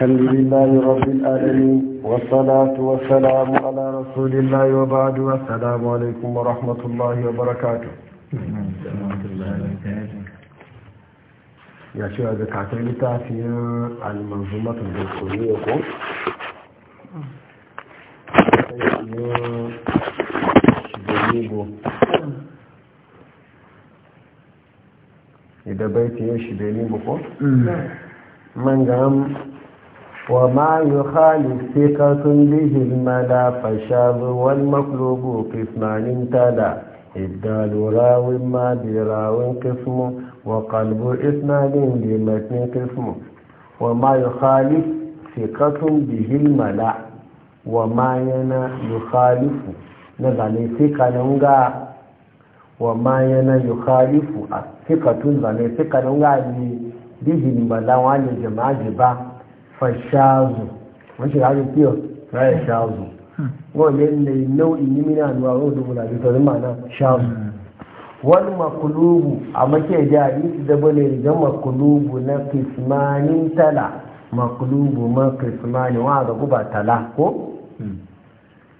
الحمد لله رب العالمين والصلاة والسلام على رسول الله وبعد والسلام عليكم ورحمة الله وبركاته يا ce da katon littafin almanzumatar الدكتورية إذا بيتي ko بقول من ya وما يخالف ثقة به المدى فالشاذ والمقلوب قسمان امتدى إبدال راو ما براو قسم وقلب إسناد لمتن قسم وما يخالف ثقة به الملا وما ينا يخالف نزعني ثقة نونغا وما ينا يخالف ثقة نزعني ثقة نونغا به الملا وعلى جماعة جباه fashazu wọ́n ṣe rárí pé ọ̀ ráyẹ̀ ṣáàzù wọ́n lè lè ná ìnímínà àlúwà wọ́n tó múlà jùtọ̀ ní màánà ṣáàzù Wani makulubu a makẹ́ jẹ́ su da lè rigar makulubu na kìsmani tala makulubu ma kìsmani wa a zagu ba tala ko hmm.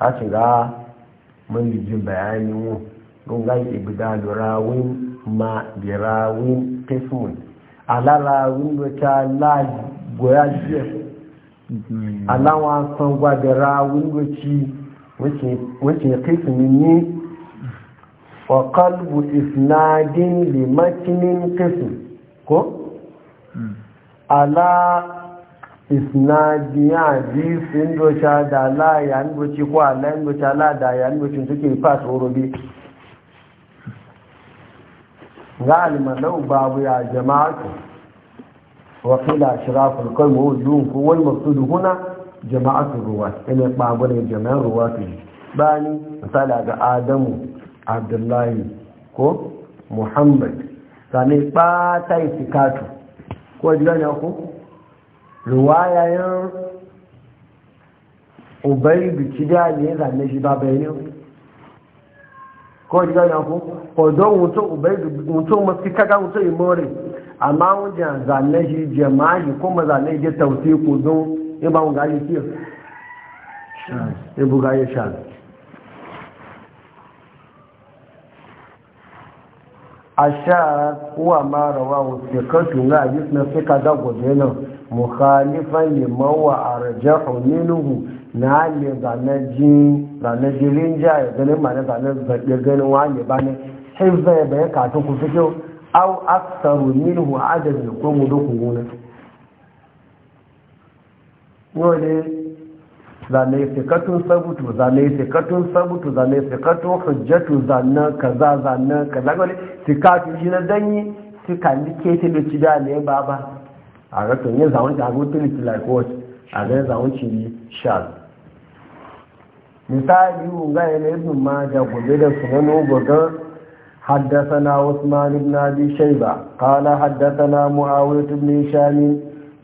a shiga mun yi jin bayani wu don ga ibida lurawin ma birawin kìsmun alára wíńdòkà láàgbóyá díẹ̀ aláwọn mm-hmm. asan gbàgbẹ̀rá wíńdòkì wọ́n ti ní ní ọ̀kọ́lùbù ìfìnàdín lè mọ́tíní kéfì kó alá mm. ìfìnàdín àdí wíńdòkà dà láàyà wíńdòkì kó alá wíńdòkì aládàáyà wíńdòkì tó kèrè pàtàkì zalima lau babu ya jama'atu wa qila shiraful qaum wa ko wani masu huna jama'atu ruwa ina babu ne jama'an ruwa yi. bani misali ga adamu abdullahi ko muhammad sani ɓata itikatu ko jira ne ko ruwaya yan ubay bi kidali ne zanne shi babayen ko ji gani ku ko don wuto ubai wuto masu kaga wuto yi more amma wajen zane shi jama'i kuma zane shi tausi ko don iba mu gaji kiyo ah, ibu gaji shazi asha kuwa mara wa wasikatu na hadis na suka da gudana mukhalifan liman a arjahu minhu na ne zanaji zanaji rinja ya gani mana zanaji zaɓe ganin ba ne hizba ya bayan katon ku fito au aksaru a adadin ko mu dukkan gona. zane sikatun sabutu zane sikatun sabutu zane sikatun hujjatu zane kaza zane kaza su sikatu shi na danyi sika ni kete da cida ne ba ba a rakin yin zawon ci abu tiliti like what a zai zawon ci yi shal misali ga ne ibn maja gobe da sunanu gobe حدثنا عثمان بن ابي شيبه قال حدثنا معاويه بن هشام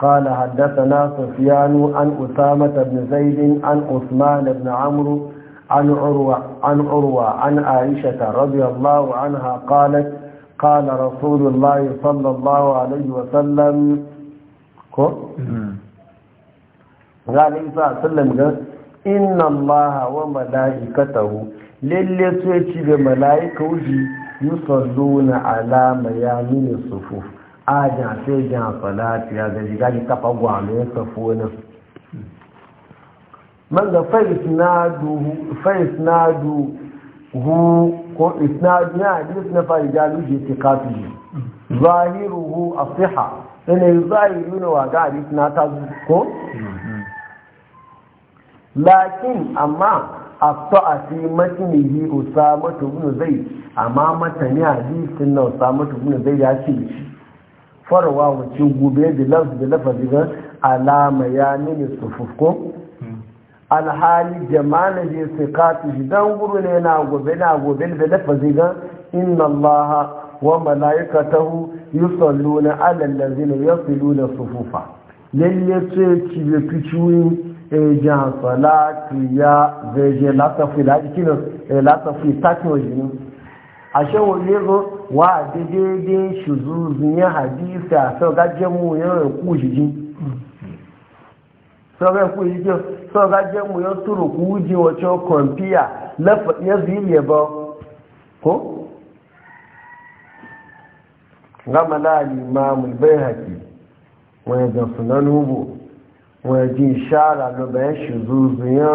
قال حدثنا سفيان عن أسامة بن زيد عن عثمان بن عمرو عن عروة عن عروة عن عائشة رضي الله عنها قالت قال رسول الله صلى الله عليه وسلم قال عليه الصلاة والسلام إن الله وملائكته للي تيجي بملائكة يصلون على ميامين الصفوف ajan sai jan salati ya gaji gaji kafa gwalo ya safo nan man ga na du hu ko isnadu na hadis na fa rijalu je tikati zahiruhu asiha ina zahiru ne wa ga hadis na ta ko lakin amma a to a fi matnihi usamatu ibn zai, amma matani hadisin na usamatu ibn zai ya ce farwa wacce gube da lafi da alama ya nuna sufufko alhali jama'a ne sai katu shi dan guru ne na gobe na gobe da lafa ga inna allaha wa malaikatahu yusalluna ala allazina yasluna sufufa lalle ce ci da kichuyi e jan salatu ya veje latafi la kino e latafi tatio jini ashe wo yezo wa daidai shuzuzun ya hadisi a sau gajiyar mu yau ya ku jiji sau ku jiji sau gajiyar mu yau turu ku ji wacce kwamfiya ya zile ba ko? gama na limamul bai haƙi wani e ga sunan hubu wani e ji shara na bayan shuzuzun ya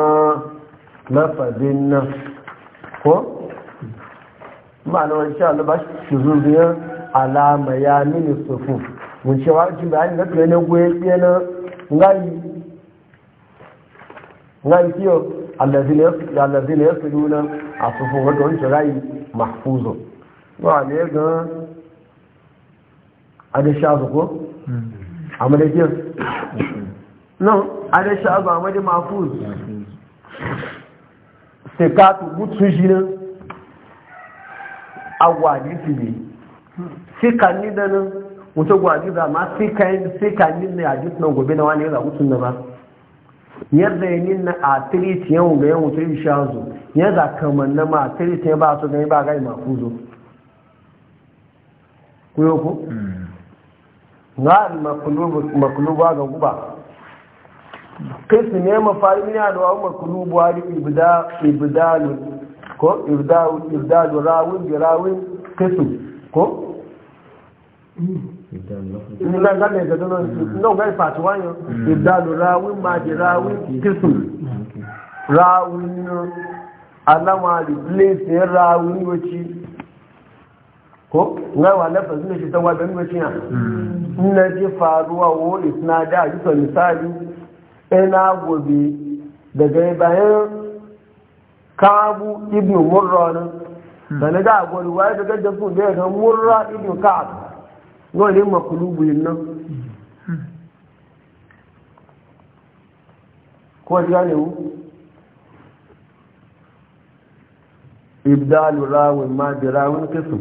lafazin na, ko? ma'anawar shi Allah ba shi zuzuyar alama ya nini sufu mun ce wa cikin bayani na ne goye fiye na ngayi ngayi kiyo allazina ya fi nuna a sufu wadda wancan rayi mahfuzo ba ne ga adashazu ko? Hmm. amadajiyar nan adashazu amadai mahfuz sai ka tubu tun shi ne. agwaji su ne sika ni da nan wata gwaji za ma sika ni na yaji suna gobe na wani ya zaɓi da ba yadda ya ni na a tiriti yawon ga yawon tiriti sha zo ya za kamar na ma a tiriti ya ba su gani ba gai mafu zo kuyo ku na a ga guba kai su ne mafari ne a da wa makulubu wani ibidalun ko ibdadu rawin bi rawin kasu ko nígbà gbàgbé ìjọdọ́ náà náà gbà ìfàtí wáyé ìdálò ráwí máa di ráwí kìsùn ráwí nínú aláwọ̀ àdìbílẹ̀sì ráwí ní ko ṣe tán wábẹ̀ ní ochi hàn nínú ji faruwa wo ìsinadá àjíṣọ́ misali ẹna gobe daga e bayan kabu ibn murra ne da na ga agwar waye da gajjar sun da ya murra ibn ka'ab nawa ne makulubu yin nan ko ji gane mu ibdalu rawin ma bi rawin kisu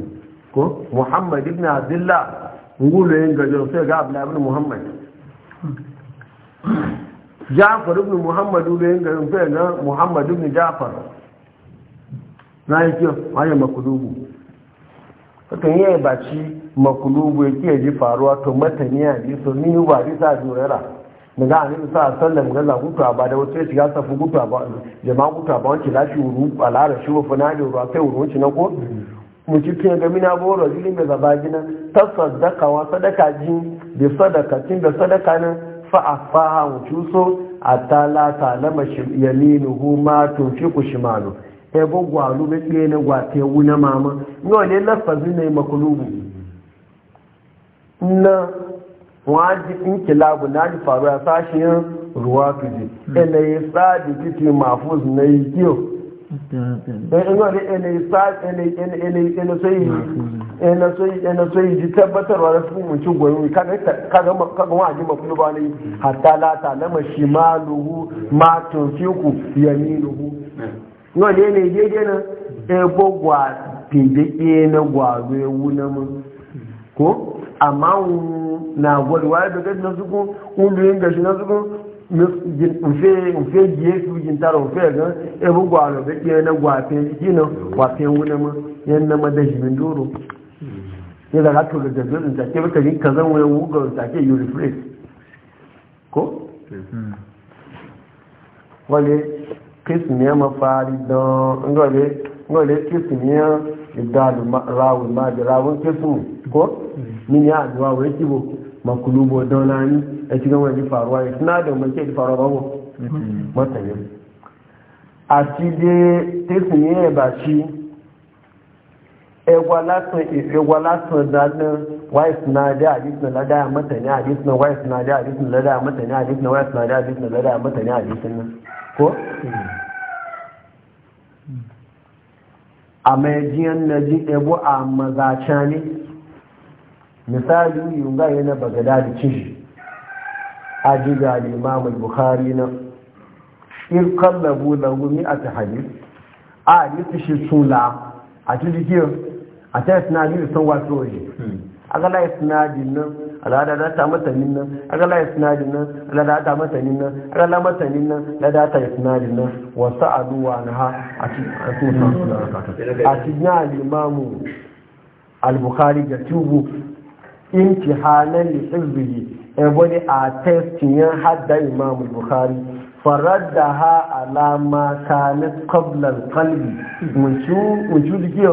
ko muhammad ibn abdullah ngulu yin gajjar sai ga abdullahi ibn muhammad hmm. jafar ibn muhammad ibn gajjar sai ga muhammad ibn jafar láyé kí wáyé makulubu ƙasar yi ba ci makulubu ya kiyar ji faruwa to matani a ji so ni ba ji sa jorera da za a nemi sa a sallam gaza gutuwa ba da wata shiga safu gutuwa ba jama'a gutuwa ba wancan lafi wuru alara shi wa fana da ruwa kai wuru wancan ko mu ci tun ga mina boro jilin mai zaba gina ta sadaka wa sadaka ji da sadaka cin da sadaka nan fa a faha mu cuso a talata lama hu ma tunfi ku shimanu ebo gwalu be ɗaya na gwate Na mama no ne lafazi hmm. e, yi makulubu na waji in kilabu na ji faru a sashen ruwa tuji ina yi sadi titi mafuz na yi kiyo ina so yi ji tabbatarwa da sun munci goyi kaga waje makuluba ne hatta lata lama shi ma luhu ma tunfiku yaminuhu hmm. náà lè ní déédéé náà ẹgbọ́ na gbàdó ewu náà mọ́ kó àmà na gbọ́dọ̀ wáyé bẹ̀kẹ́ tí náà ń lu ẹgbọ́ na gbà na gbà pèndéé náà mọ́ náà mọ́ da rato da jirgin da ke baka kìsìmíyàn mọ́ fàárí dán ngọ́lẹ̀ kìsìmíyàn ìdáàlù ráwù máa jẹ ráwù kìsìmù kọ́ nínú àdúrà wọ́n ti bò makulubo dán náà ní ẹtí gánwọ́n ti faruwa yìí sinadà mọ́ ti faruwa báwọ̀ mọ́tàlẹ́ àti dé kìsìmíyàn ẹ̀bà sí ẹwà da dáná wai suna da hadis na lada mata ne hadis na wai suna da hadis na lada mata ne hadis na wai suna da hadis na lada mata ne hadis na, ko a mai jiyan na ji ɗebo a mazaca ne misali yunga yana bagada da cishi a ji ga limamul bukhari na in kallabu da gumi a ta hadis a hadis shi sula a cikin a ta yi sinadari sun wasu waje agala ya sinadin nan alada da ta matanin nan agala ya sinadin nan alada ta matanin nan agala matanin nan alada ta ya sinadin nan wa sa'adu wa anha a cikin a cikin al-imamu al-bukhari da tubu imtihanan li hizbihi wani e a testin ya hadda imamu bukhari faradda ha alama kanat qabla al-qalbi mun ci mun ci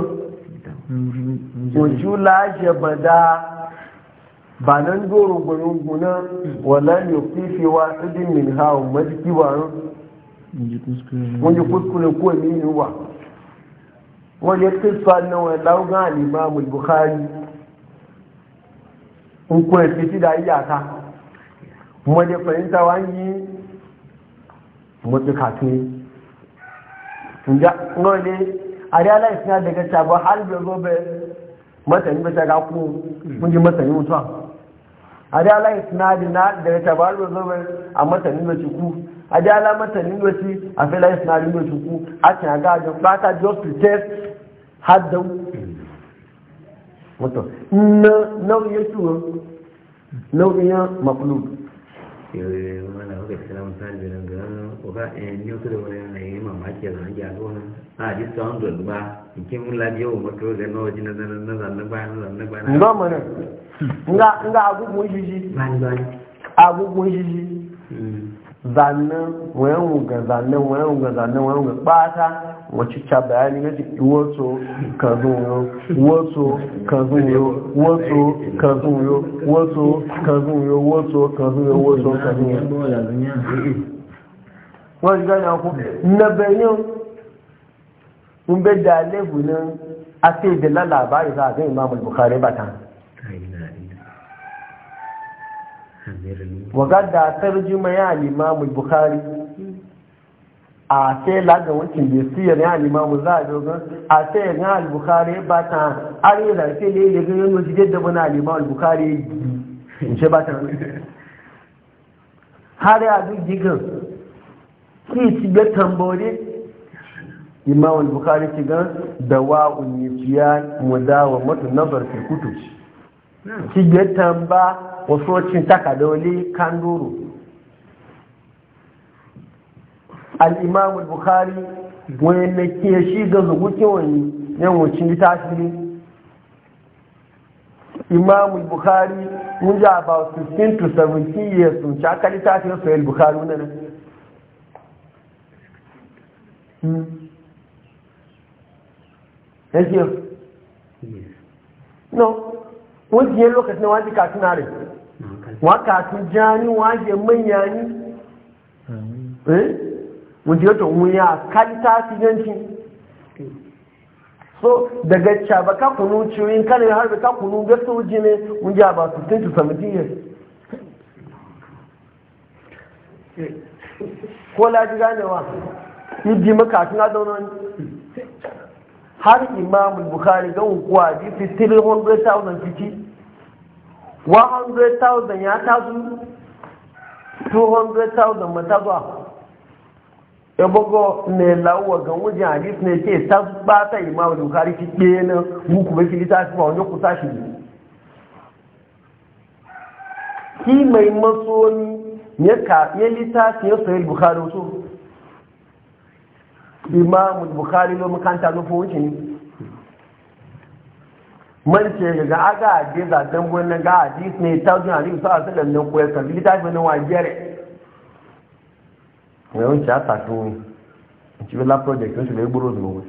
ojú láṣẹ bàdá bàdán gòrò gbòrògbò náà wà láyò wa fi wá ṣídì mìíràn àwọn mọ́tí kí wà rán wọ́n jẹ́ kúskúrẹ́ kó èmi yìí wà wọ́n jẹ́ kíkọ́ náà wọ́n láwùgán àlìmọ́ ń kó ẹ̀sìn sí dáa a riyala isna daga shagon har bai zo bai masani bai shaga ku mun ji masani mutuwa a riyala isna daga shagon har bai zo bai a masani bai ci ku a riyala masani bai ci a fela isna bai ci ku a cin a gajin fata just to test haddau mutu na nau'in ciwo nau'in makulub mana kuka tsira mutane da nan wasu da wani yanayi mamaki a gona a ji tsawon ba na zanen na zanen ba na zanen ba na ba nga nga abubuwan jiji bani bani abubuwan shi hmm. zanen wayan wuga zanen wayan wuga zanen wayan wuga bata wacicca bayani na wato ka zuyo wato ka zuyo wato ka zuyo wato ka zuyo wato ka zuyo wato ka zuyo wọ́n ti gánà kú nẹ́bẹ̀ yóò ń bẹ́ da lẹ́bù ní àti ìdẹ̀lá làbáyé sáà àti ìmáàmù bukari Wa ga da tẹ́rù ya yá àlè ìmáàmù bukari a sai laga wancin da siya na alimamu za a dogon a sai na albukari ba ta are da sai ne ya gani zai jidda muna alimamu albukari in ce ba ta har a duk gigan ki ci ga tambori imamu albukari ci gan da wa ya ciya mu dawa matu barfi kutu ci ga tamba wasu wacin takadoli kanduru الإمام bukhari wani ke shi ga zugu kewani yan wucin tasiri imamu bukhari mun ja about to 17 years sun ci bukhari no wọ́n ti yẹ lokacin wọ́n ti kàtún náà rẹ̀ wọ́n kàtún jẹ́ ní wọ́n á jẹ ní wanda yato wuya kalita siganci so daga caba ka kunu ciwin kanin harbi ka kunu ga soji ne wanda ba su tuntu samadiyya ko laji ganewa yadda makatun adaunan har imam bukari ga hukuwa jifi 300,000 fiti 100,000 ya tasu 200,000 matazuwa ya bago ne lawa ga wajen hadis ne ke ta bata imam bukari ki ke na muku ba fili ta ba wani kusa shi ne ki mai masoni ya ka ya litafi ya sahih bukhari so imam bukhari lo makanta lo fo wuce ne man ce ga aga hadis da dan wannan ga hadis ne ta zuwa hadis sallallahu alaihi wasallam ne ko ya ka litafi ne wa jere ìwé oúnjẹ àtàkì wọn ìtìbílá project oṣù lè gbúrò lọ́wọ́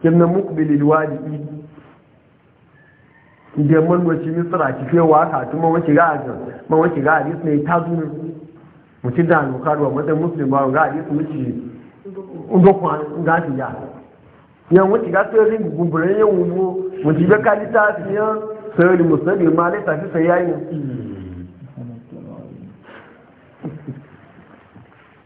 kí ní mú ìwádìí ní àti fẹ́ wà ti